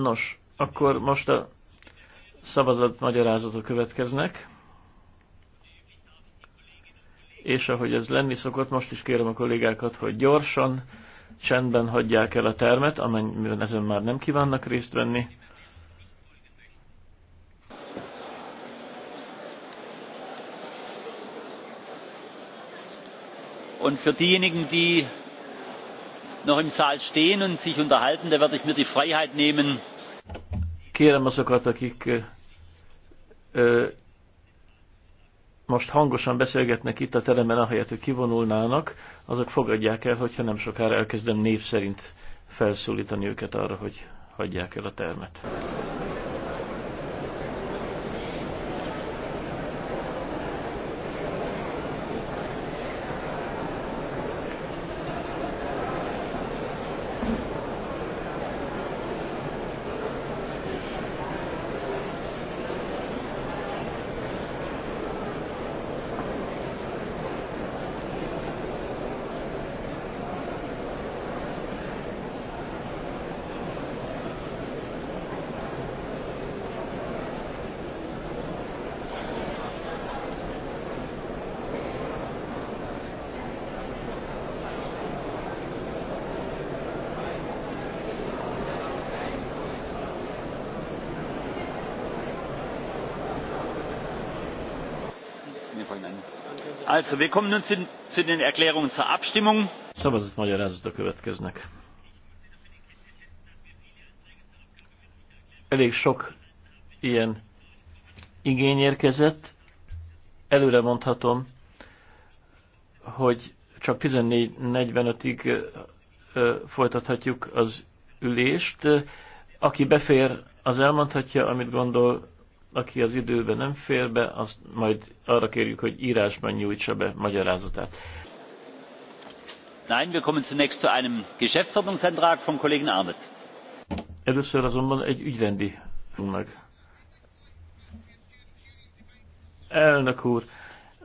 Nos, akkor most a szavazat magyarázatok következnek. És ahogy ez lenni szokott, most is kérem a kollégákat, hogy gyorsan, csendben hagyják el a termet, amennyiben ezen már nem kívánnak részt venni. Und für diejenigen, die noch im Saal stehen und sich unterhalten, da werde ich mir die Freiheit nehmen. Kérem azokat, akik ö, most hangosan beszélgetnek itt a teremben, ahelyett, hogy kivonulnának, azok fogadják el, hogyha nem sokára elkezdem név szerint felszólítani őket arra, hogy hagyják el a termet. Also, wir kommen nun zu den Erklärungen zur Abstimmung. Szavazatmagyarázatok következnek. Elég sok ilyen igény érkezett. Előre mondhatom, hogy csak 14.45-ig folytathatjuk az ülést. Aki befér, az elmondhatja, amit gondol, aki az időben nem fér be, azt majd arra kérjük, hogy írásban nyújtsa be magyarázatát. Nein, wir kommen zunächst zu einem Geschäftsordnungsantrag von Kollegen Arnett. Először azonban egy ügyrendi meg. Elnök úr,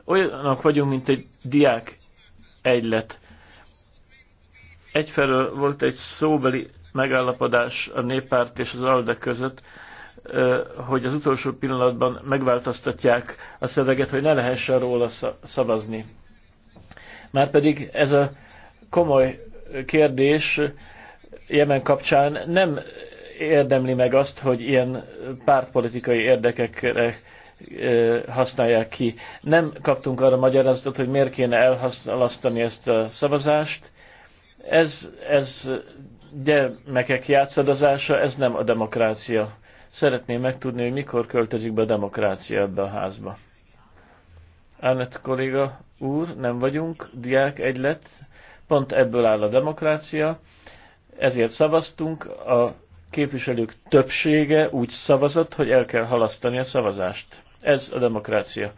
olyanak vagyunk, mint egy diák egylet. Egyfelől volt egy szóbeli megállapodás a néppárt és az ALDE között, hogy az utolsó pillanatban megváltoztatják a szöveget, hogy ne lehessen róla szavazni. Márpedig ez a komoly kérdés Jemen kapcsán nem érdemli meg azt, hogy ilyen pártpolitikai érdekekre használják ki. Nem kaptunk arra magyarázatot, hogy miért kéne elhalasztani ezt a szavazást. Ez, ez gyermekek játszadozása, ez nem a demokrácia Szeretném megtudni, hogy mikor költözik be a demokrácia ebbe a házba. Ánett kolléga úr, nem vagyunk, diák egylet, pont ebből áll a demokrácia, ezért szavaztunk, a képviselők többsége úgy szavazott, hogy el kell halasztani a szavazást. Ez a demokrácia.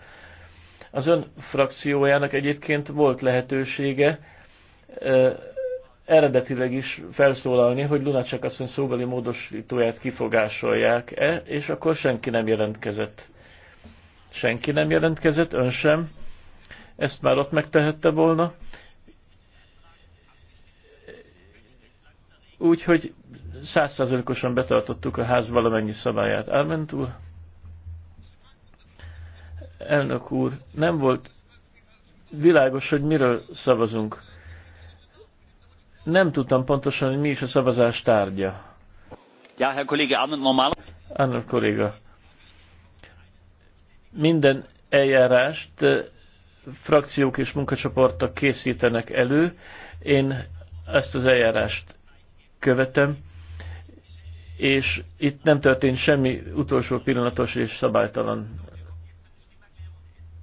Az ön frakciójának egyébként volt lehetősége eredetileg is felszólalni, hogy Lunacek asszony szóbeli módosítóját kifogásolják-e, és akkor senki nem jelentkezett. Senki nem jelentkezett, ön sem. Ezt már ott megtehette volna. Úgyhogy százszázalékosan betartottuk a ház valamennyi szabályát. Elment úr? Elnök úr, nem volt világos, hogy miről szavazunk nem tudtam pontosan, hogy mi is a szavazás tárgya. Ja, Herr Kollege, Arnold, normal... Arnold kolléga, minden eljárást eh, frakciók és munkacsoportok készítenek elő. Én ezt az eljárást követem, és itt nem történt semmi utolsó pillanatos és szabálytalan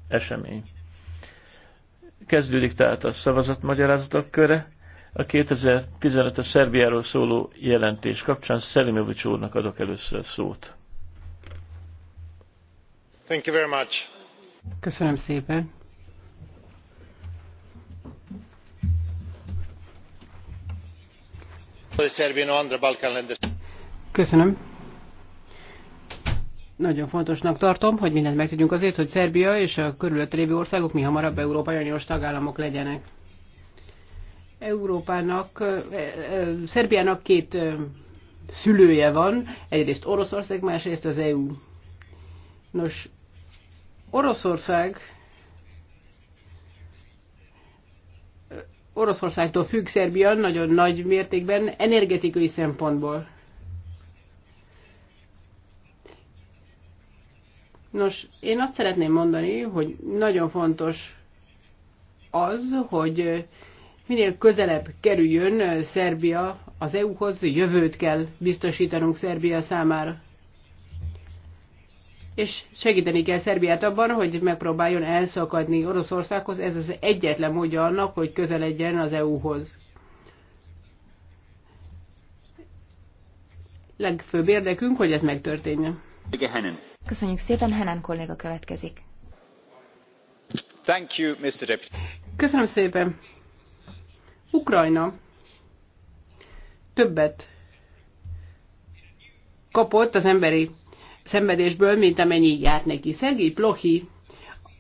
esemény. Kezdődik tehát a szavazatmagyarázatok köre. A 2015 es Szerbiáról szóló jelentés kapcsán Szelimovics úrnak adok először szót. Thank you very much. Köszönöm szépen. Köszönöm. Nagyon fontosnak tartom, hogy mindent megtudjunk azért, hogy Szerbia és a körülötte lévő országok mi hamarabb Európai Uniós tagállamok legyenek. Európának, Szerbiának két szülője van, egyrészt Oroszország, másrészt az EU. Nos, Oroszország Oroszországtól függ Szerbia nagyon nagy mértékben energetikai szempontból. Nos, én azt szeretném mondani, hogy nagyon fontos az, hogy minél közelebb kerüljön Szerbia az EU-hoz, jövőt kell biztosítanunk Szerbia számára. És segíteni kell Szerbiát abban, hogy megpróbáljon elszakadni Oroszországhoz, ez az egyetlen módja annak, hogy közeledjen az EU-hoz. Legfőbb érdekünk, hogy ez megtörténjen. Köszönjük szépen, Henen kolléga következik. Thank you, Mr. Köszönöm szépen. Ukrajna többet kapott az emberi szenvedésből, mint amennyi járt neki. Szergély Plohi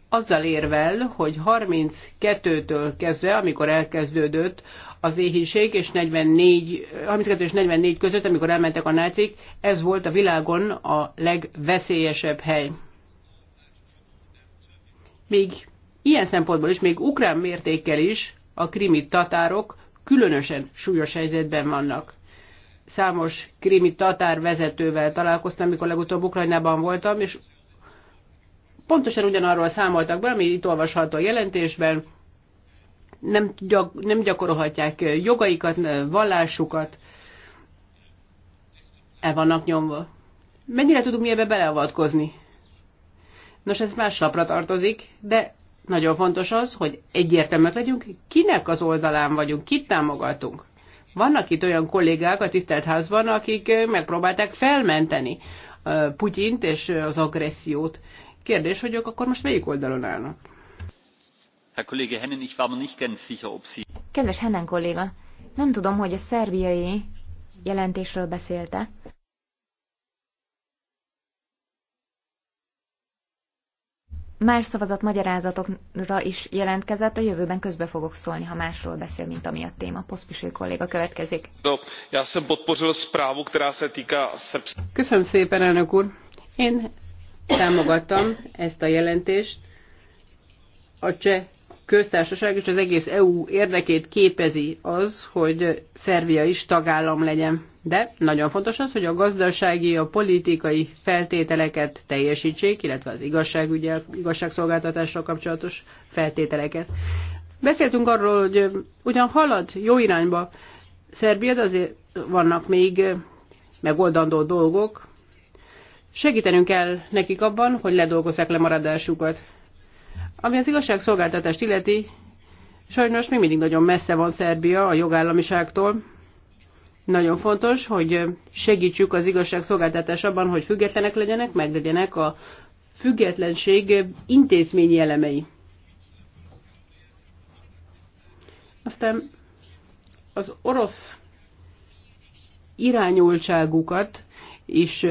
azzal érvel, hogy 32-től kezdve, amikor elkezdődött az éhínség, és 44, 32 és 44 között, amikor elmentek a nácik, ez volt a világon a legveszélyesebb hely. Még ilyen szempontból is, még ukrán mértékkel is a krimi tatárok különösen súlyos helyzetben vannak. Számos krimi tatár vezetővel találkoztam, mikor legutóbb Ukrajnában voltam, és pontosan ugyanarról számoltak be, ami itt olvasható a jelentésben, nem, gyak, nem gyakorolhatják jogaikat, vallásukat, el vannak nyomva. Mennyire tudunk mi ebbe beleavatkozni? Nos, ez más lapra tartozik, de nagyon fontos az, hogy egyértelműek legyünk, kinek az oldalán vagyunk, kit támogatunk. Vannak itt olyan kollégák a tisztelt házban, akik megpróbálták felmenteni Putyint és az agressziót. Kérdés, hogy ők akkor most melyik oldalon állnak? Herr Kollege Hennen, ich war mir nicht ganz sicher, ob Sie... Kedves Hennen kolléga, nem tudom, hogy a szerbiai jelentésről beszélte. Más szavazat magyarázatokra is jelentkezett, a jövőben közbe fogok szólni, ha másról beszél, mint ami a téma. Poszpisi kolléga következik. Köszönöm szépen, elnök úr. Én támogattam ezt a jelentést a cseh köztársaság és az egész EU érdekét képezi az, hogy Szerbia is tagállam legyen. De nagyon fontos az, hogy a gazdasági, a politikai feltételeket teljesítsék, illetve az igazságügyel, igazságszolgáltatásra kapcsolatos feltételeket. Beszéltünk arról, hogy ugyan halad jó irányba Szerbia, de azért vannak még megoldandó dolgok. Segítenünk kell nekik abban, hogy ledolgozzák lemaradásukat. Ami az igazságszolgáltatást illeti, sajnos még mindig nagyon messze van Szerbia a jogállamiságtól. Nagyon fontos, hogy segítsük az igazságszolgáltatás abban, hogy függetlenek legyenek, meg legyenek a függetlenség intézményi elemei. Aztán az orosz irányultságukat is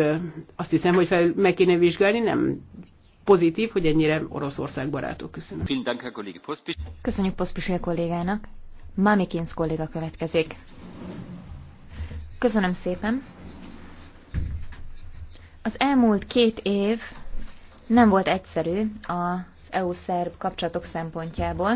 azt hiszem, hogy fel, meg kéne vizsgálni, nem pozitív, hogy ennyire Oroszország barátok. Köszönöm. Köszönjük Poszpisil kollégának. Mamikins kolléga következik. Köszönöm szépen. Az elmúlt két év nem volt egyszerű az EU-szerb kapcsolatok szempontjából.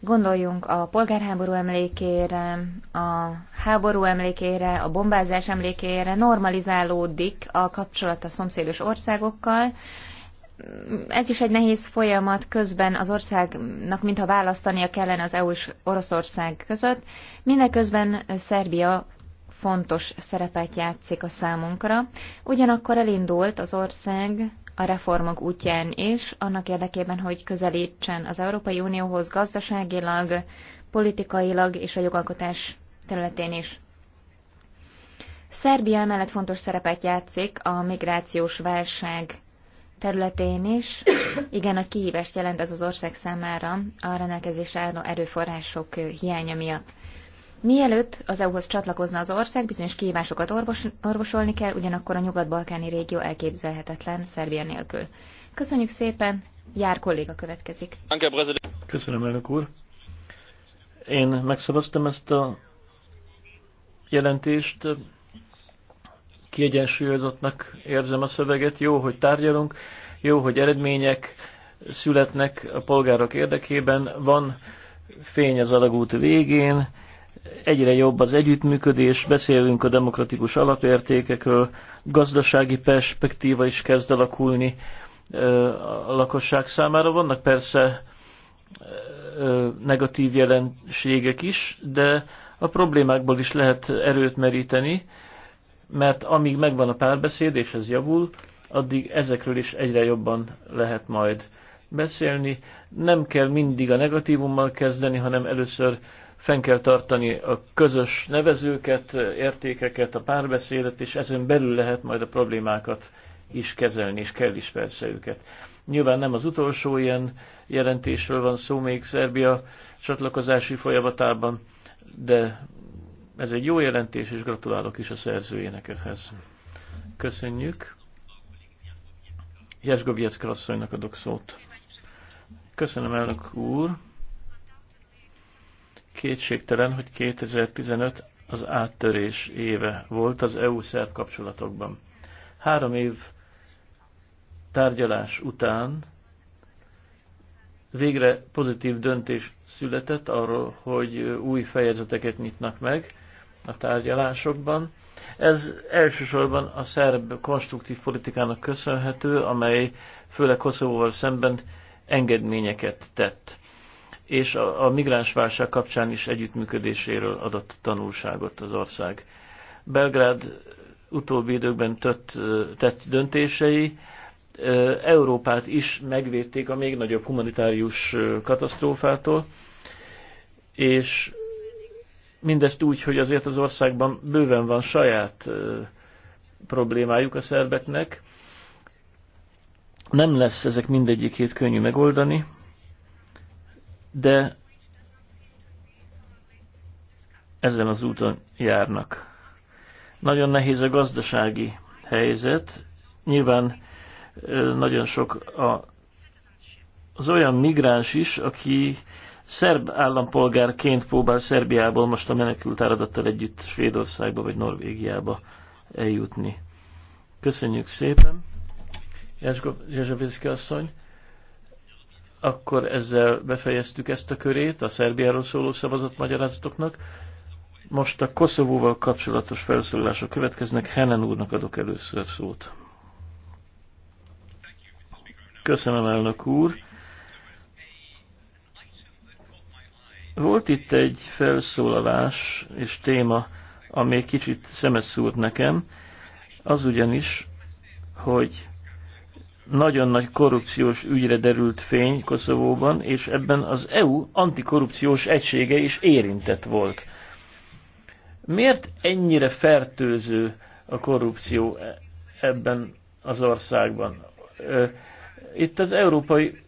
Gondoljunk a polgárháború emlékére, a háború emlékére, a bombázás emlékére, normalizálódik a kapcsolat a szomszédos országokkal. Ez is egy nehéz folyamat, közben az országnak mintha választania kellene az EU és Oroszország között. Mindeközben Szerbia fontos szerepet játszik a számunkra. Ugyanakkor elindult az ország a reformok útján is, annak érdekében, hogy közelítsen az Európai Unióhoz gazdaságilag, politikailag és a jogalkotás területén is. Szerbia mellett fontos szerepet játszik a migrációs válság területén is. Igen, a kihívást jelent ez az ország számára a rendelkezésre álló erőforrások hiánya miatt. Mielőtt az EU-hoz csatlakozna az ország, bizonyos kihívásokat orvos, orvosolni kell, ugyanakkor a nyugat-balkáni régió elképzelhetetlen Szerbia nélkül. Köszönjük szépen, Jár kolléga következik. Köszönöm, elnök úr. Én megszavaztam ezt a jelentést, kiegyensúlyozottnak érzem a szöveget, jó, hogy tárgyalunk, jó, hogy eredmények születnek a polgárok érdekében, van fény az alagút végén, egyre jobb az együttműködés, beszélünk a demokratikus alapértékekről, gazdasági perspektíva is kezd alakulni a lakosság számára. Vannak persze negatív jelenségek is, de a problémákból is lehet erőt meríteni, mert amíg megvan a párbeszéd, és ez javul, addig ezekről is egyre jobban lehet majd beszélni. Nem kell mindig a negatívummal kezdeni, hanem először fenn kell tartani a közös nevezőket, értékeket, a párbeszédet, és ezen belül lehet majd a problémákat is kezelni, és kell is persze őket. Nyilván nem az utolsó ilyen jelentésről van szó még Szerbia csatlakozási folyamatában, de ez egy jó jelentés, és gratulálok is a szerzőjének ehhez. Köszönjük. Jesgoviecka asszonynak adok szót. Köszönöm, elnök úr. Kétségtelen, hogy 2015 az áttörés éve volt az EU-szerb kapcsolatokban. Három év tárgyalás után végre pozitív döntés született arról, hogy új fejezeteket nyitnak meg a tárgyalásokban. Ez elsősorban a szerb konstruktív politikának köszönhető, amely főleg Koszovóval szemben engedményeket tett és a, a migránsválság kapcsán is együttműködéséről adott tanulságot az ország. Belgrád utóbbi időkben tött, tett döntései Európát is megvédték a még nagyobb humanitárius katasztrófától, és mindezt úgy, hogy azért az országban bőven van saját problémájuk a szerbeknek. Nem lesz ezek mindegyikét könnyű megoldani, de ezen az úton járnak. Nagyon nehéz a gazdasági helyzet. Nyilván nagyon sok a, az olyan migráns is, aki szerb állampolgárként próbál Szerbiából most a menekült áradattal együtt Svédországba vagy Norvégiába eljutni. Köszönjük szépen, Jezsgov asszony! Akkor ezzel befejeztük ezt a körét, a Szerbiáról szóló szavazott magyarázatoknak. Most a Koszovóval kapcsolatos felszólások következnek. Helen úrnak adok először szót. Köszönöm, elnök úr. Volt itt egy felszólalás és téma, ami kicsit szemes szúrt nekem, az ugyanis, hogy nagyon nagy korrupciós ügyre derült fény Koszovóban, és ebben az EU antikorrupciós egysége is érintett volt. Miért ennyire fertőző a korrupció e- ebben az országban? Itt az európai,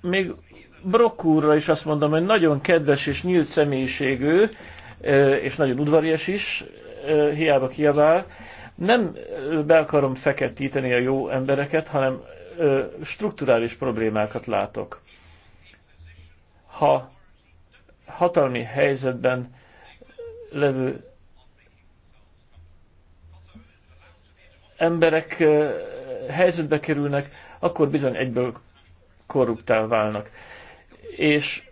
még Brock úrra is azt mondom, hogy nagyon kedves és nyílt személyiségű és nagyon udvarias is, hiába kiabál, nem be akarom feketíteni a jó embereket, hanem strukturális problémákat látok. Ha hatalmi helyzetben levő emberek helyzetbe kerülnek, akkor bizony egyből korruptál válnak. És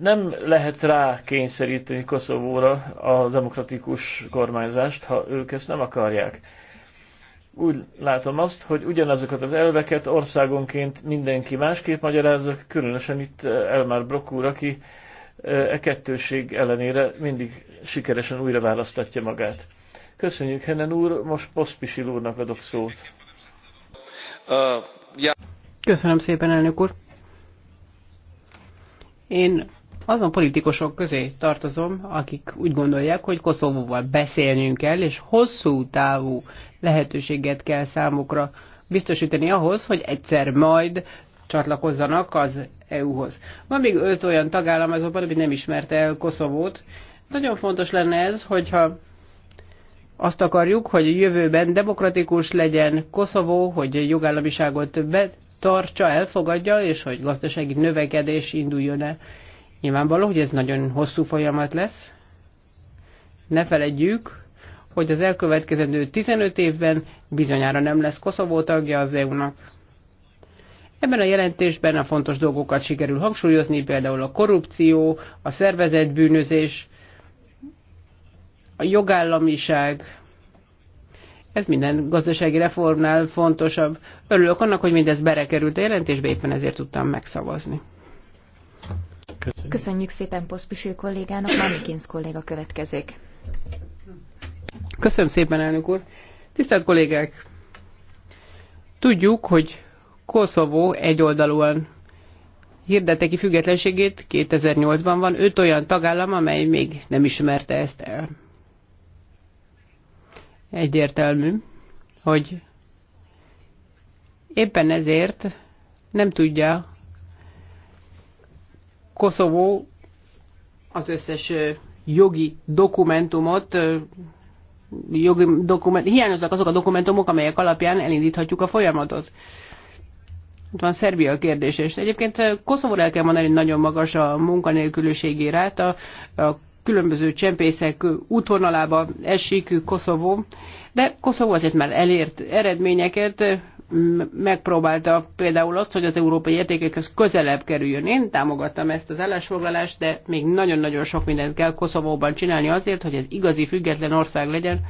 nem lehet rá kényszeríteni Koszovóra a demokratikus kormányzást, ha ők ezt nem akarják. Úgy látom azt, hogy ugyanazokat az elveket országonként mindenki másképp magyarázza, különösen itt eh, Elmar Brock úr, aki eh, e kettőség ellenére mindig sikeresen újra választatja magát. Köszönjük, Henen úr, most Poszpisil úrnak adok szót. Uh, Köszönöm szépen, elnök úr. Én azon politikusok közé tartozom, akik úgy gondolják, hogy Koszovóval beszélnünk kell, és hosszú távú lehetőséget kell számukra biztosítani ahhoz, hogy egyszer majd csatlakozzanak az EU-hoz. Van még öt olyan tagállam azonban, ami nem ismerte el Koszovót. Nagyon fontos lenne ez, hogyha azt akarjuk, hogy a jövőben demokratikus legyen Koszovó, hogy jogállamiságot betartsa, elfogadja, és hogy gazdasági növekedés induljon el. Nyilvánvaló, hogy ez nagyon hosszú folyamat lesz. Ne feledjük, hogy az elkövetkezendő 15 évben bizonyára nem lesz Koszovó tagja az EU-nak. Ebben a jelentésben a fontos dolgokat sikerül hangsúlyozni, például a korrupció, a szervezett bűnözés, a jogállamiság. Ez minden gazdasági reformnál fontosabb. Örülök annak, hogy mindez berekerült a jelentésbe, éppen ezért tudtam megszavazni. Köszönjük, Köszönjük szépen Poszpisil kollégának, manikins kolléga következik. Köszönöm szépen, elnök úr. Tisztelt kollégák! Tudjuk, hogy Koszovó egyoldalúan hirdette ki függetlenségét 2008-ban van, öt olyan tagállam, amely még nem ismerte ezt el. Egyértelmű, hogy éppen ezért nem tudja Koszovó az összes jogi dokumentumot, jogi dokument, hiányoznak azok a dokumentumok, amelyek alapján elindíthatjuk a folyamatot. Itt van Szerbia kérdés, és egyébként Koszovóra el kell mondani, nagyon magas a munkanélküliségi ráta, a különböző csempészek útvonalába esik Koszovó, de Koszovó azért már elért eredményeket, megpróbálta például azt, hogy az európai értékekhez közelebb kerüljön. Én támogattam ezt az állásfoglalást, de még nagyon-nagyon sok mindent kell Koszovóban csinálni azért, hogy ez igazi független ország legyen.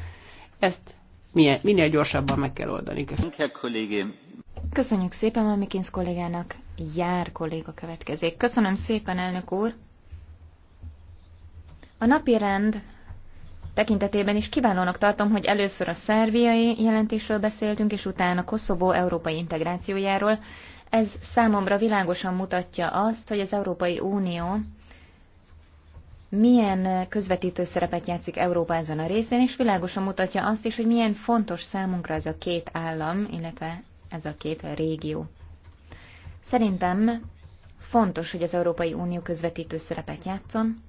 Ezt minél, minél gyorsabban meg kell oldani. Köszönöm. Köszönjük szépen Mamikins kollégának. Jár kolléga következik. Köszönöm szépen, elnök úr. A napi rend tekintetében is kiválónak tartom, hogy először a szerviai jelentésről beszéltünk, és utána Koszovó európai integrációjáról. Ez számomra világosan mutatja azt, hogy az Európai Unió milyen közvetítő szerepet játszik Európa ezen a részén, és világosan mutatja azt is, hogy milyen fontos számunkra ez a két állam, illetve ez a két régió. Szerintem fontos, hogy az Európai Unió közvetítő szerepet játszon,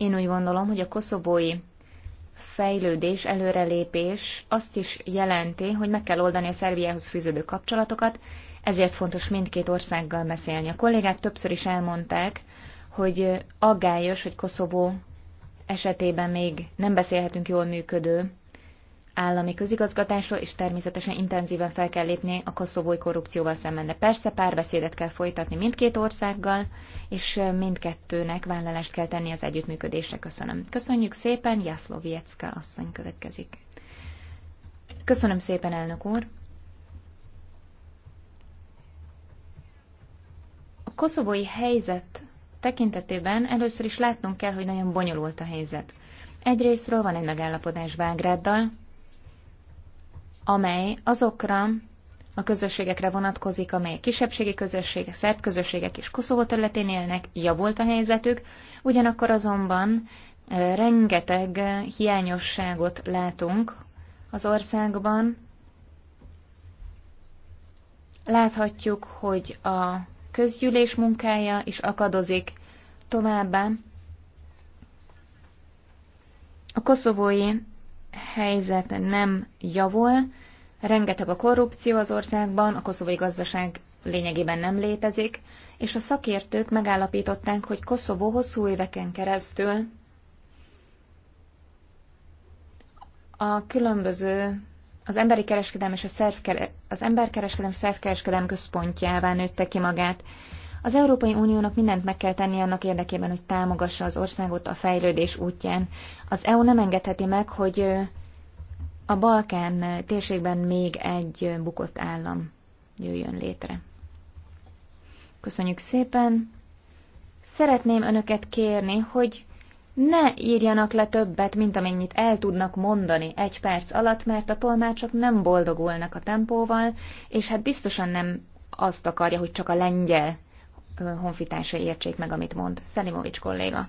én úgy gondolom, hogy a koszobói fejlődés, előrelépés azt is jelenti, hogy meg kell oldani a Szerbiához fűződő kapcsolatokat, ezért fontos mindkét országgal beszélni. A kollégák többször is elmondták, hogy aggályos, hogy Koszovó esetében még nem beszélhetünk jól működő állami közigazgatásra, és természetesen intenzíven fel kell lépni a koszovói korrupcióval szemben. De persze párbeszédet kell folytatni mindkét országgal, és mindkettőnek vállalást kell tenni az együttműködésre. Köszönöm. Köszönjük szépen, Jaszloviecka asszony következik. Köszönöm szépen, elnök úr. A koszovói helyzet tekintetében először is látnunk kell, hogy nagyon bonyolult a helyzet. Egyrésztről van egy megállapodás Belgráddal, amely azokra a közösségekre vonatkozik, amelyek kisebbségi közösségek, szerb közösségek és Koszovó területén élnek, javult a helyzetük, ugyanakkor azonban rengeteg hiányosságot látunk az országban. Láthatjuk, hogy a közgyűlés munkája is akadozik továbbá. A koszovói helyzet nem javul, rengeteg a korrupció az országban, a koszovói gazdaság lényegében nem létezik, és a szakértők megállapították, hogy Koszovó hosszú éveken keresztül a különböző az emberi kereskedelem és a, szervkere, az emberkereskedelem szervkereskedelem központjává nőtte ki magát. Az Európai Uniónak mindent meg kell tenni annak érdekében, hogy támogassa az országot a fejlődés útján. Az EU nem engedheti meg, hogy a Balkán térségben még egy bukott állam jöjjön létre. Köszönjük szépen! Szeretném önöket kérni, hogy ne írjanak le többet, mint amennyit el tudnak mondani egy perc alatt, mert a tolmácsok nem boldogulnak a tempóval, és hát biztosan nem azt akarja, hogy csak a lengyel honfitársai értsék meg, amit mond. Szelimovics kolléga.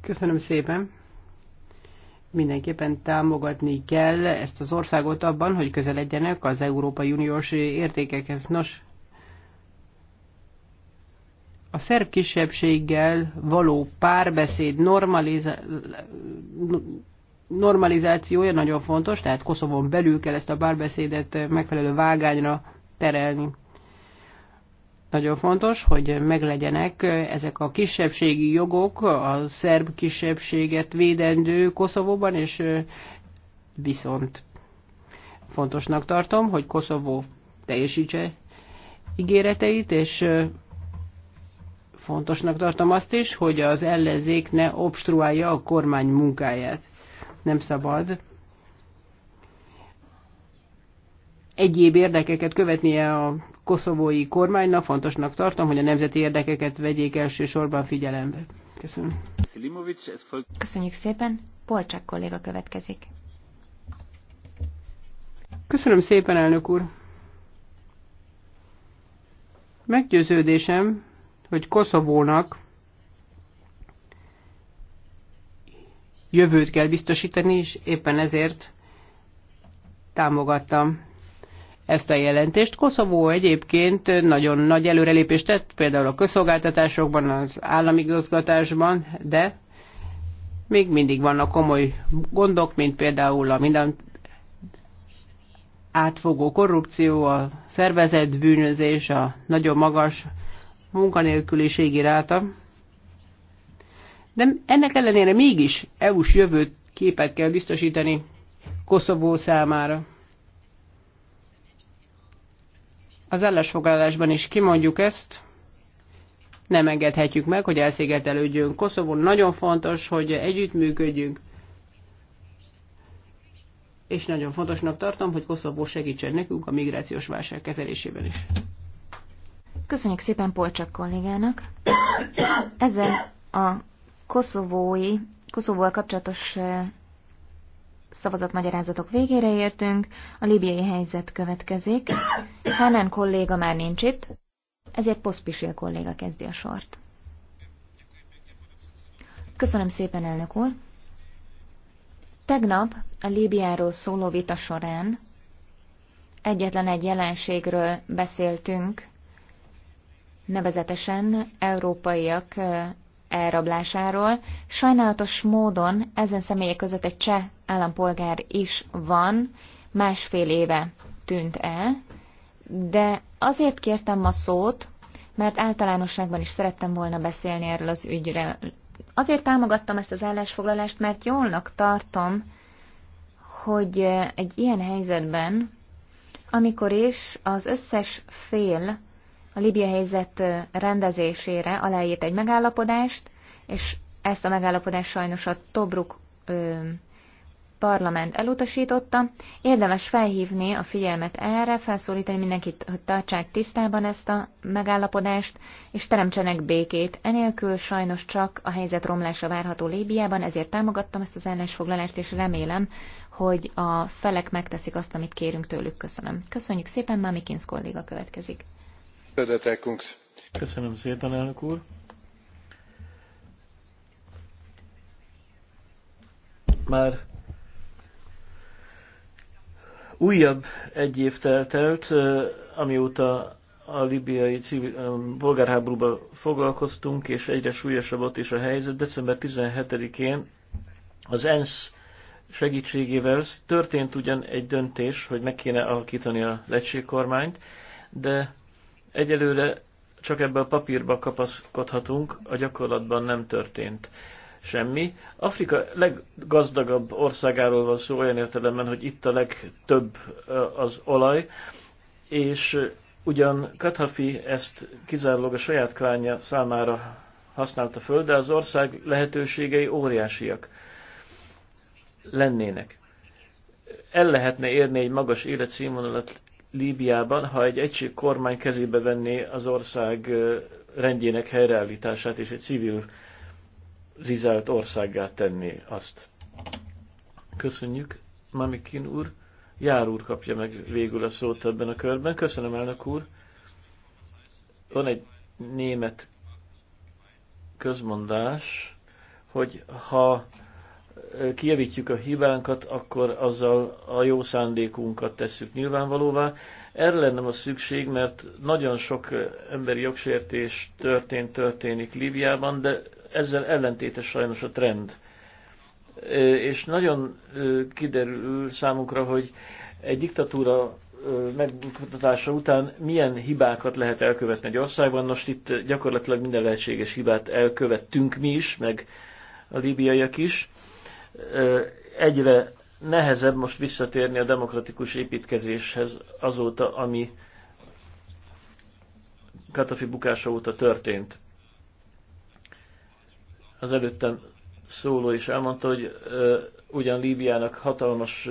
Köszönöm szépen. Mindenképpen támogatni kell ezt az országot abban, hogy közeledjenek az Európai Uniós értékekhez. Nos, a szerb kisebbséggel való párbeszéd normalizációja nagyon fontos, tehát Koszovon belül kell ezt a párbeszédet megfelelő vágányra terelni. Nagyon fontos, hogy meglegyenek ezek a kisebbségi jogok, a szerb kisebbséget védendő Koszovóban, és viszont fontosnak tartom, hogy Koszovó teljesítse ígéreteit, és fontosnak tartom azt is, hogy az ellenzék ne obstruálja a kormány munkáját. Nem szabad egyéb érdekeket követnie a koszovói kormánynak, fontosnak tartom, hogy a nemzeti érdekeket vegyék elsősorban figyelembe. Köszönöm. Köszönjük szépen. Polcsák kolléga következik. Köszönöm szépen, elnök úr. Meggyőződésem, hogy Koszovónak jövőt kell biztosítani, és éppen ezért támogattam ezt a jelentést. Koszovó egyébként nagyon nagy előrelépést tett, például a közszolgáltatásokban, az állami igazgatásban, de még mindig vannak komoly gondok, mint például a minden átfogó korrupció, a szervezett bűnözés, a nagyon magas munkanélküliségi ráta. De ennek ellenére mégis EU-s jövőt képet kell biztosítani Koszovó számára. Az állásfoglalásban is kimondjuk ezt, nem engedhetjük meg, hogy elszigetelődjünk. Koszovon nagyon fontos, hogy együttműködjünk, és nagyon fontosnak tartom, hogy Koszovó segítsen nekünk a migrációs válság kezelésében is. Köszönjük szépen Polcsak kollégának. Ezzel a koszovói, Koszovóval kapcsolatos szavazatmagyarázatok végére értünk, a libiai helyzet következik. Hánán kolléga már nincs itt, ezért Poszpisil kolléga kezdi a sort. Köszönöm szépen, elnök úr! Tegnap a Líbiáról szóló vita során egyetlen egy jelenségről beszéltünk, nevezetesen európaiak elrablásáról. Sajnálatos módon ezen személyek között egy cseh állampolgár is van, másfél éve tűnt el, de azért kértem ma szót, mert általánosságban is szerettem volna beszélni erről az ügyről. Azért támogattam ezt az állásfoglalást, mert jólnak tartom, hogy egy ilyen helyzetben, amikor is az összes fél a Libia helyzet rendezésére aláírt egy megállapodást, és ezt a megállapodást sajnos a Tobruk ö, parlament elutasította. Érdemes felhívni a figyelmet erre, felszólítani mindenkit, hogy tartsák tisztában ezt a megállapodást, és teremtsenek békét. Enélkül sajnos csak a helyzet romlása várható Líbiában, ezért támogattam ezt az ellensfoglalást, és remélem, hogy a felek megteszik azt, amit kérünk tőlük. Köszönöm. Köszönjük szépen, Mami Kinsz kolléga következik. Köszönöm szépen, elnök úr. Már újabb egy év telt el, amióta a libiai civil, polgárháborúban foglalkoztunk, és egyre súlyosabb ott is a helyzet. December 17-én az ENSZ segítségével történt ugyan egy döntés, hogy meg kéne alakítani a egységkormányt, de Egyelőre csak ebbe a papírba kapaszkodhatunk, a gyakorlatban nem történt semmi. Afrika leggazdagabb országáról van szó olyan értelemben, hogy itt a legtöbb az olaj, és ugyan Kathafi ezt kizárólag a saját klánja számára használta föl, de az ország lehetőségei óriásiak lennének. El lehetne érni egy magas életszínvonalat Líbiában, ha egy egység kormány kezébe venné az ország rendjének helyreállítását, és egy civil zizált országgá tenné azt. Köszönjük, Mamikin úr. Jár úr kapja meg végül a szót ebben a körben. Köszönöm, elnök úr. Van egy német közmondás, hogy ha kijavítjuk a hibánkat, akkor azzal a jó szándékunkat tesszük nyilvánvalóvá. Erre lenne a szükség, mert nagyon sok emberi jogsértés történt, történik Líbiában, de ezzel ellentétes sajnos a trend. És nagyon kiderül számunkra, hogy egy diktatúra megmutatása után milyen hibákat lehet elkövetni egy országban. Most itt gyakorlatilag minden lehetséges hibát elkövettünk mi is, meg a líbiaiak is egyre nehezebb most visszatérni a demokratikus építkezéshez azóta, ami Katafi bukása óta történt. Az előttem szóló is elmondta, hogy ugyan Líbiának hatalmas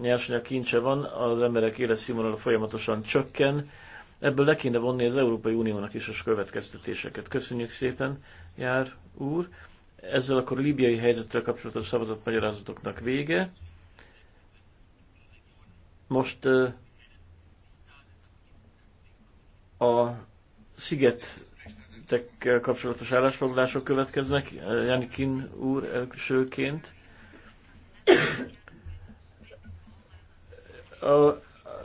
nyersanyag kincse van, az emberek életszínvonala folyamatosan csökken, ebből le kéne vonni az Európai Uniónak is a következtetéseket. Köszönjük szépen, Jár úr! Ezzel akkor a libiai helyzettel kapcsolatos szavazott magyarázatoknak vége. Most a szigetekkel kapcsolatos állásfoglalások következnek, Janikin úr elsőként. A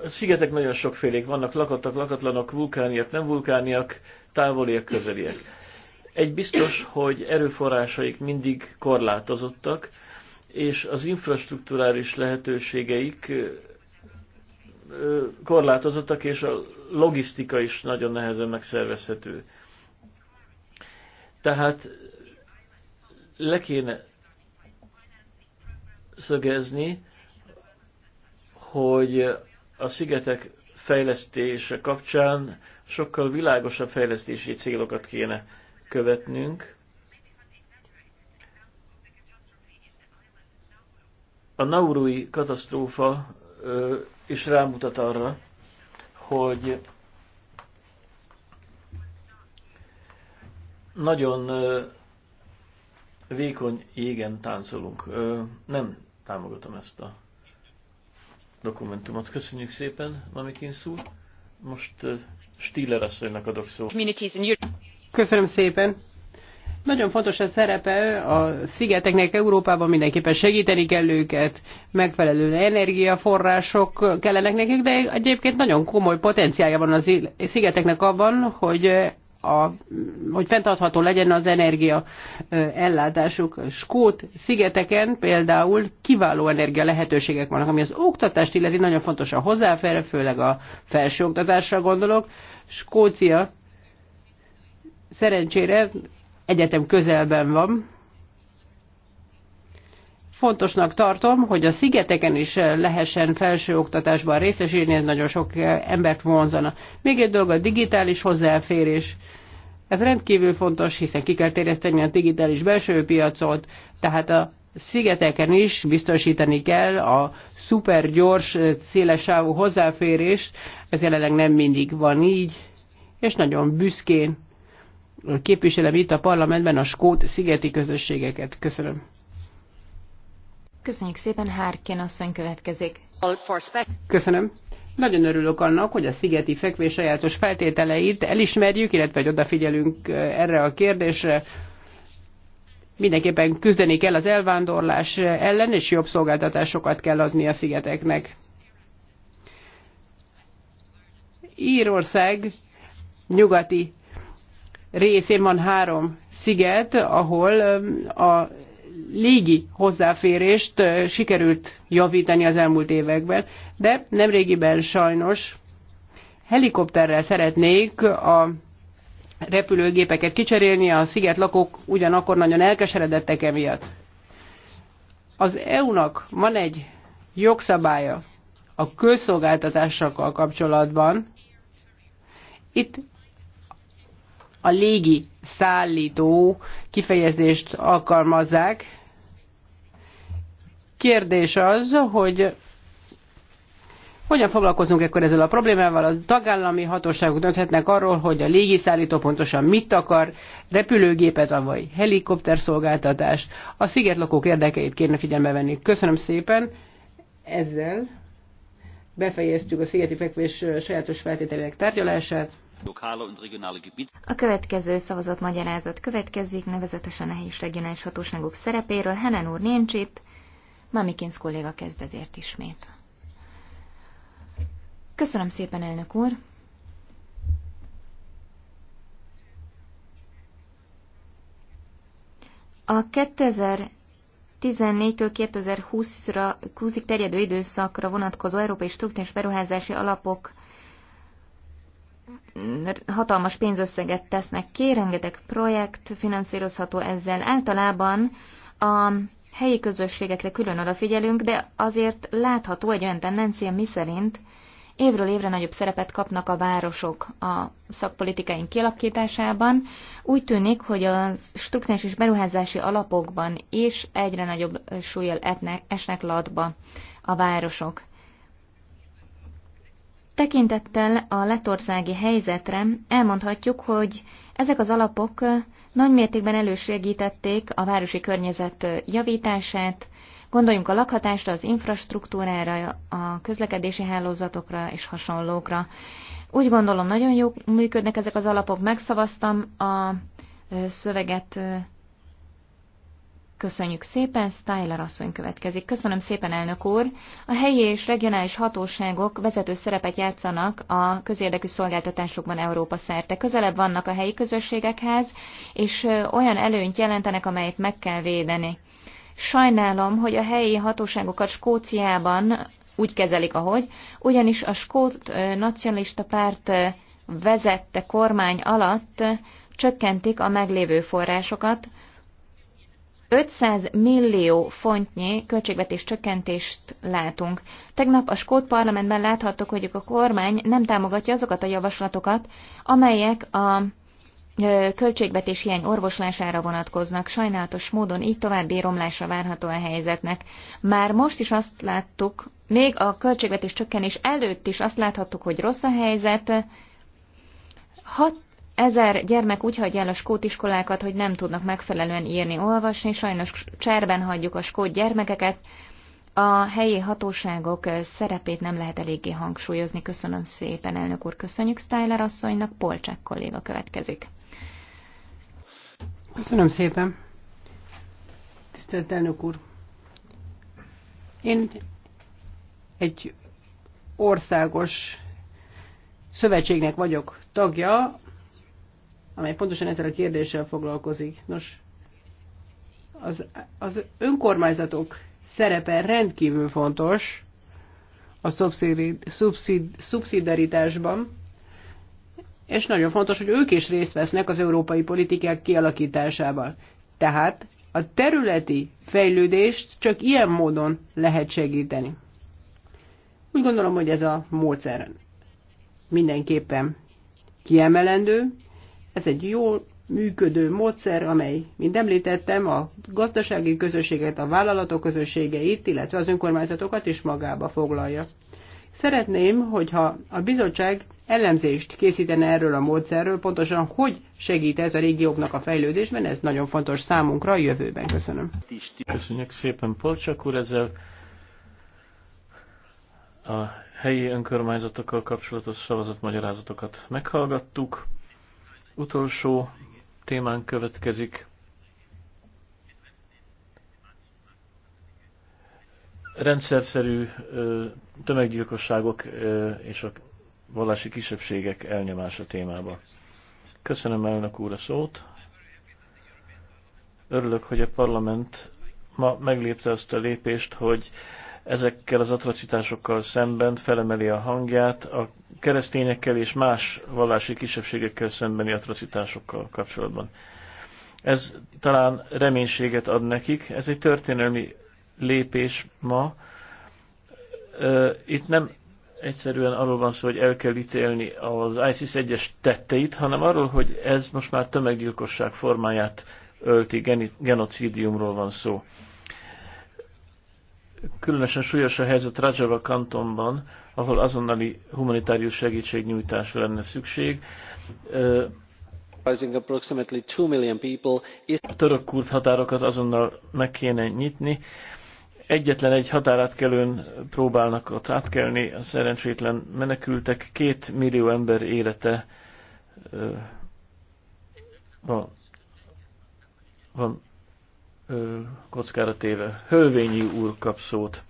szigetek nagyon sokfélék vannak, lakottak, lakatlanok, vulkániak, nem vulkániak, távoliak, közeliek egy biztos, hogy erőforrásaik mindig korlátozottak, és az infrastruktúrális lehetőségeik korlátozottak, és a logisztika is nagyon nehezen megszervezhető. Tehát le kéne szögezni, hogy a szigetek fejlesztése kapcsán sokkal világosabb fejlesztési célokat kéne követnünk. A Naurui katasztrófa is rámutat arra, hogy nagyon vékony jégen táncolunk. Nem támogatom ezt a dokumentumot. Köszönjük szépen, Mamikin úr. Most Stiller asszonynak adok szót. Köszönöm szépen. Nagyon fontos a szerepe a szigeteknek Európában mindenképpen segíteni kell őket, megfelelő energiaforrások kellenek nekik, de egyébként nagyon komoly potenciálja van a szigeteknek abban, hogy a, hogy fenntartható legyen az energia ellátásuk. Skót szigeteken például kiváló energia lehetőségek vannak, ami az oktatást illeti nagyon fontos a hozzáfér, főleg a felsőoktatásra gondolok. Skócia Szerencsére egyetem közelben van. Fontosnak tartom, hogy a szigeteken is lehessen felsőoktatásban részesülni, ez nagyon sok embert vonzana. Még egy dolog a digitális hozzáférés. Ez rendkívül fontos, hiszen ki kell terjeszteni a digitális belső piacot, tehát a szigeteken is biztosítani kell a szuper széles sávú hozzáférést, ez jelenleg nem mindig van így, és nagyon büszkén képviselem itt a parlamentben a skót szigeti közösségeket. Köszönöm. Köszönjük szépen, Hárkén asszony következik. Köszönöm. Nagyon örülök annak, hogy a szigeti fekvés sajátos feltételeit elismerjük, illetve hogy odafigyelünk eh, erre a kérdésre. Mindenképpen küzdeni kell az elvándorlás ellen, és jobb szolgáltatásokat kell adni a szigeteknek. Írország nyugati részén van három sziget, ahol a légi hozzáférést sikerült javítani az elmúlt években, de nemrégiben sajnos helikopterrel szeretnék a repülőgépeket kicserélni, a sziget lakók ugyanakkor nagyon elkeseredettek emiatt. Az EU-nak van egy jogszabálya a közszolgáltatásokkal kapcsolatban. Itt a légi szállító kifejezést alkalmazzák. Kérdés az, hogy hogyan foglalkozunk ekkor ezzel a problémával? A tagállami hatóságok dönthetnek arról, hogy a légiszállító pontosan mit akar, repülőgépet vagy szolgáltatást. A szigetlakók érdekeit kéne figyelme venni. Köszönöm szépen. Ezzel befejeztük a szigeti fekvés sajátos feltételének tárgyalását. A következő szavazott magyarázat következik, nevezetesen a helyi regionális hatóságok szerepéről. Henen úr nincs itt, Mamikins kolléga kezd ezért ismét. Köszönöm szépen, elnök úr! A 2014-től 2020-ig terjedő időszakra vonatkozó Európai Struktúrás Beruházási Alapok hatalmas pénzösszeget tesznek ki, rengeteg projekt finanszírozható ezzel. Általában a helyi közösségekre külön odafigyelünk, de azért látható egy olyan tendencia, miszerint évről évre nagyobb szerepet kapnak a városok a szakpolitikáink kialakításában. Úgy tűnik, hogy a struktúrás és beruházási alapokban is egyre nagyobb súlyjal esnek latba a városok. Tekintettel a letországi helyzetre elmondhatjuk, hogy ezek az alapok nagymértékben elősegítették a városi környezet javítását, gondoljunk a lakhatásra, az infrastruktúrára, a közlekedési hálózatokra és hasonlókra. Úgy gondolom, nagyon jó működnek ezek az alapok, megszavaztam a szöveget Köszönjük szépen, Styler asszony következik. Köszönöm szépen, elnök úr. A helyi és regionális hatóságok vezető szerepet játszanak a közérdekű szolgáltatásokban Európa szerte. Közelebb vannak a helyi közösségekhez, és olyan előnyt jelentenek, amelyet meg kell védeni. Sajnálom, hogy a helyi hatóságokat Skóciában úgy kezelik, ahogy, ugyanis a Skót Nacionalista Párt vezette kormány alatt csökkentik a meglévő forrásokat, 500 millió fontnyi költségvetés csökkentést látunk. Tegnap a Skót parlamentben láthattuk, hogy a kormány nem támogatja azokat a javaslatokat, amelyek a költségvetés hiány orvoslására vonatkoznak. Sajnálatos módon így további romlásra várható a helyzetnek. Már most is azt láttuk, még a költségvetés csökkenés előtt is azt láthattuk, hogy rossz a helyzet, hat Ezer gyermek úgy hagyja el a skót iskolákat, hogy nem tudnak megfelelően írni, olvasni, sajnos cserben hagyjuk a skót gyermekeket. A helyi hatóságok szerepét nem lehet eléggé hangsúlyozni. Köszönöm szépen, elnök úr, köszönjük Styler asszonynak, Polcsák kolléga következik. Köszönöm szépen. Tisztelt elnök úr! Én egy országos szövetségnek vagyok tagja, amely pontosan ezzel a kérdéssel foglalkozik. Nos, az, az önkormányzatok szerepe rendkívül fontos a szubszid, szubszid, szubszidaritásban, és nagyon fontos, hogy ők is részt vesznek az európai politikák kialakításában. Tehát a területi fejlődést csak ilyen módon lehet segíteni. Úgy gondolom, hogy ez a módszer mindenképpen kiemelendő, ez egy jó működő módszer, amely, mint említettem, a gazdasági közösséget, a vállalatok közösségeit, illetve az önkormányzatokat is magába foglalja. Szeretném, hogyha a bizottság elemzést készítene erről a módszerről, pontosan hogy segít ez a régióknak a fejlődésben, ez nagyon fontos számunkra a jövőben. Köszönöm. Köszönjük szépen, Polcsak úr, ezzel a helyi önkormányzatokkal kapcsolatos szavazatmagyarázatokat meghallgattuk. Utolsó témán következik. Rendszerszerű tömeggyilkosságok és a vallási kisebbségek elnyomása témába. Köszönöm elnök úr a szót. Örülök, hogy a parlament ma meglépte azt a lépést, hogy ezekkel az atrocitásokkal szemben felemeli a hangját a keresztényekkel és más vallási kisebbségekkel szembeni atrocitásokkal kapcsolatban. Ez talán reménységet ad nekik, ez egy történelmi lépés ma. Itt nem egyszerűen arról van szó, hogy el kell ítélni az ISIS egyes tetteit, hanem arról, hogy ez most már tömeggyilkosság formáját ölti, genocidiumról van szó. Különösen súlyos a helyzet Rajava kantonban, ahol azonnali humanitárius segítségnyújtásra lenne szükség. A török-kurd határokat azonnal meg kéne nyitni. Egyetlen egy határátkelőn próbálnak ott átkelni a szerencsétlen menekültek. Két millió ember élete van, van kockára téve. Hölvényi úr kap szót.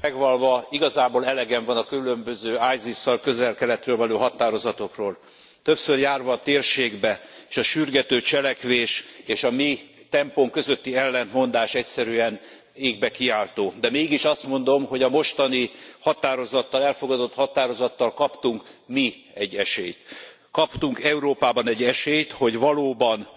Megvalva igazából elegem van a különböző isis szal közel keletről való határozatokról. Többször járva a térségbe, és a sürgető cselekvés és a mi tempón közötti ellentmondás egyszerűen égbe kiáltó de mégis azt mondom hogy a mostani határozattal elfogadott határozattal kaptunk mi egy esélyt kaptunk európában egy esélyt hogy valóban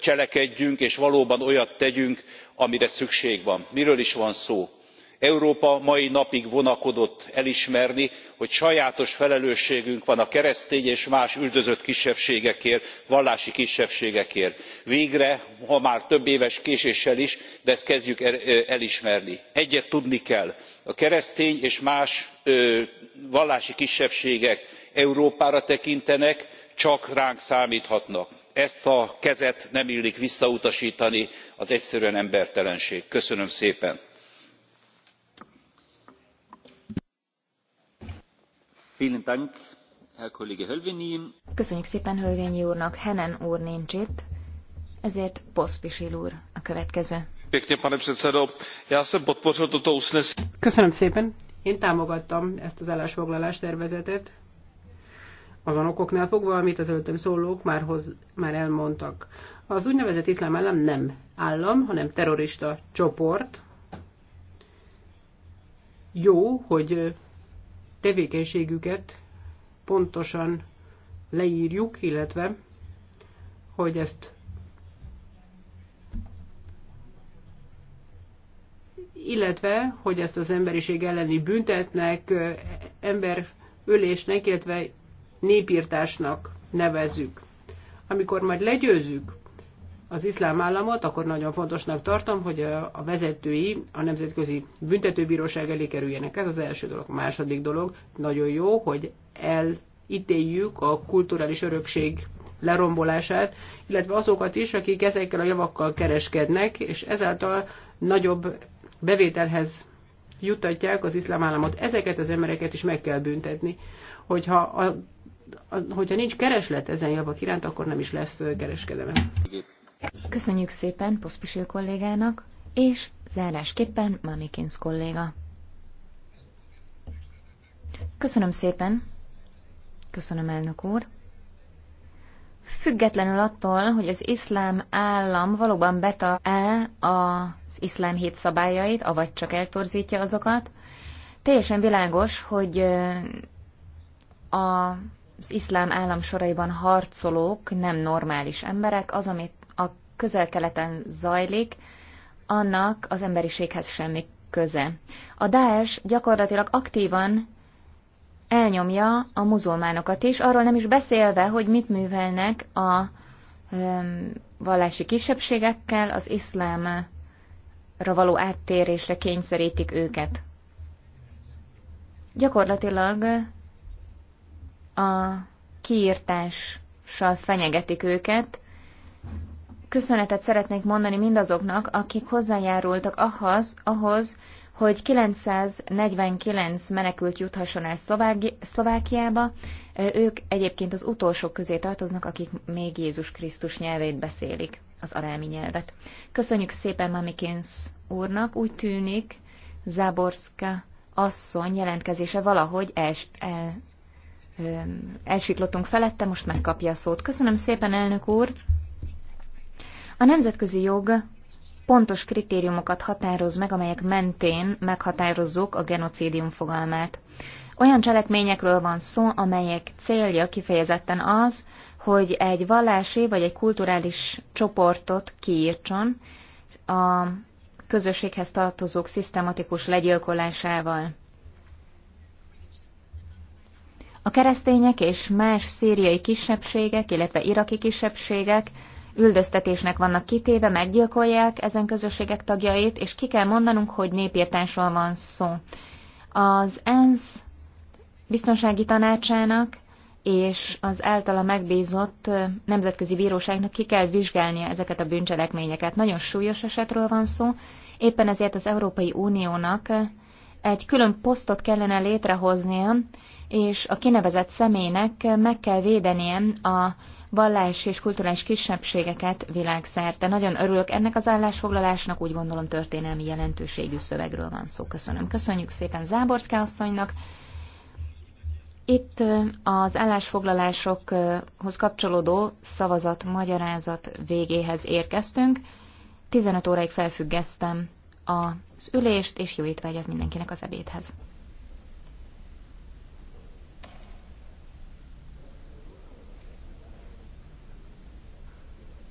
cselekedjünk és valóban olyat tegyünk amire szükség van. miről is van szó? európa mai napig vonakodott elismerni hogy sajátos felelősségünk van a keresztény és más üldözött kisebbségekért vallási kisebbségekért. végre ha már többéves késéssel is de ezt kezdjük elismerni. egyet tudni kell a keresztény és más vallási kisebbségek európára tekintenek csak ránk számthatnak ezt a kezet nem illik visszautastani az egyszerűen embertelenség. köszönöm szépen! köszönjük szépen hölvényi úrnak! hennen úr nincs itt ezért pospil úr a következő. köszönöm szépen! én támogattam ezt az állásfoglalás tervezetet azon okoknál fogva, amit az előttem szólók már, hoz, már elmondtak. Az úgynevezett iszlám állam nem állam, hanem terrorista csoport. Jó, hogy tevékenységüket pontosan leírjuk, illetve hogy ezt illetve, hogy ezt az emberiség elleni büntetnek, emberölésnek, illetve népírtásnak nevezzük. Amikor majd legyőzzük az iszlám államot, akkor nagyon fontosnak tartom, hogy a vezetői a Nemzetközi Büntetőbíróság elé kerüljenek. Ez az első dolog. A második dolog, nagyon jó, hogy elítéljük a kulturális örökség lerombolását, illetve azokat is, akik ezekkel a javakkal kereskednek, és ezáltal nagyobb bevételhez juttatják az iszlám államot. Ezeket az embereket is meg kell büntetni. Hogyha a hogyha nincs kereslet ezen javak iránt, akkor nem is lesz kereskedelme. Köszönjük szépen Poszpisil kollégának, és zárásképpen Mamikins kolléga. Köszönöm szépen. Köszönöm, elnök úr. Függetlenül attól, hogy az iszlám állam valóban beta e az iszlám hét szabályait, avagy csak eltorzítja azokat, teljesen világos, hogy a az iszlám állam soraiban harcolók nem normális emberek, az, amit a közel-keleten zajlik, annak az emberiséghez semmi köze. A Daesh gyakorlatilag aktívan elnyomja a muzulmánokat is, arról nem is beszélve, hogy mit művelnek a um, vallási kisebbségekkel, az iszlámra való áttérésre kényszerítik őket. Gyakorlatilag a kiírtással fenyegetik őket. Köszönetet szeretnék mondani mindazoknak, akik hozzájárultak ahhoz, ahhoz hogy 949 menekült juthasson el Szlováki- Szlovákiába. Ők egyébként az utolsók közé tartoznak, akik még Jézus Krisztus nyelvét beszélik, az arámi nyelvet. Köszönjük szépen Mamikins úrnak, úgy tűnik Záborska asszony jelentkezése valahogy el, el elsiklottunk felette, most megkapja a szót. Köszönöm szépen, elnök úr! A nemzetközi jog pontos kritériumokat határoz meg, amelyek mentén meghatározzuk a genocídium fogalmát. Olyan cselekményekről van szó, amelyek célja kifejezetten az, hogy egy vallási vagy egy kulturális csoportot kiírtson a közösséghez tartozók szisztematikus legyilkolásával. A keresztények és más szíriai kisebbségek, illetve iraki kisebbségek üldöztetésnek vannak kitéve, meggyilkolják ezen közösségek tagjait, és ki kell mondanunk, hogy népírtásról van szó. Az ENSZ biztonsági tanácsának és az általa megbízott nemzetközi bíróságnak ki kell vizsgálnia ezeket a bűncselekményeket. Nagyon súlyos esetről van szó, éppen ezért az Európai Uniónak egy külön posztot kellene létrehoznia, és a kinevezett személynek meg kell védenie a vallás és kulturális kisebbségeket világszerte. Nagyon örülök ennek az állásfoglalásnak, úgy gondolom történelmi jelentőségű szövegről van szó. Köszönöm. Köszönjük szépen Záborszka asszonynak. Itt az állásfoglalásokhoz kapcsolódó szavazat, magyarázat végéhez érkeztünk. 15 óráig felfüggesztem az ülést, és jó étvágyat mindenkinek az ebédhez.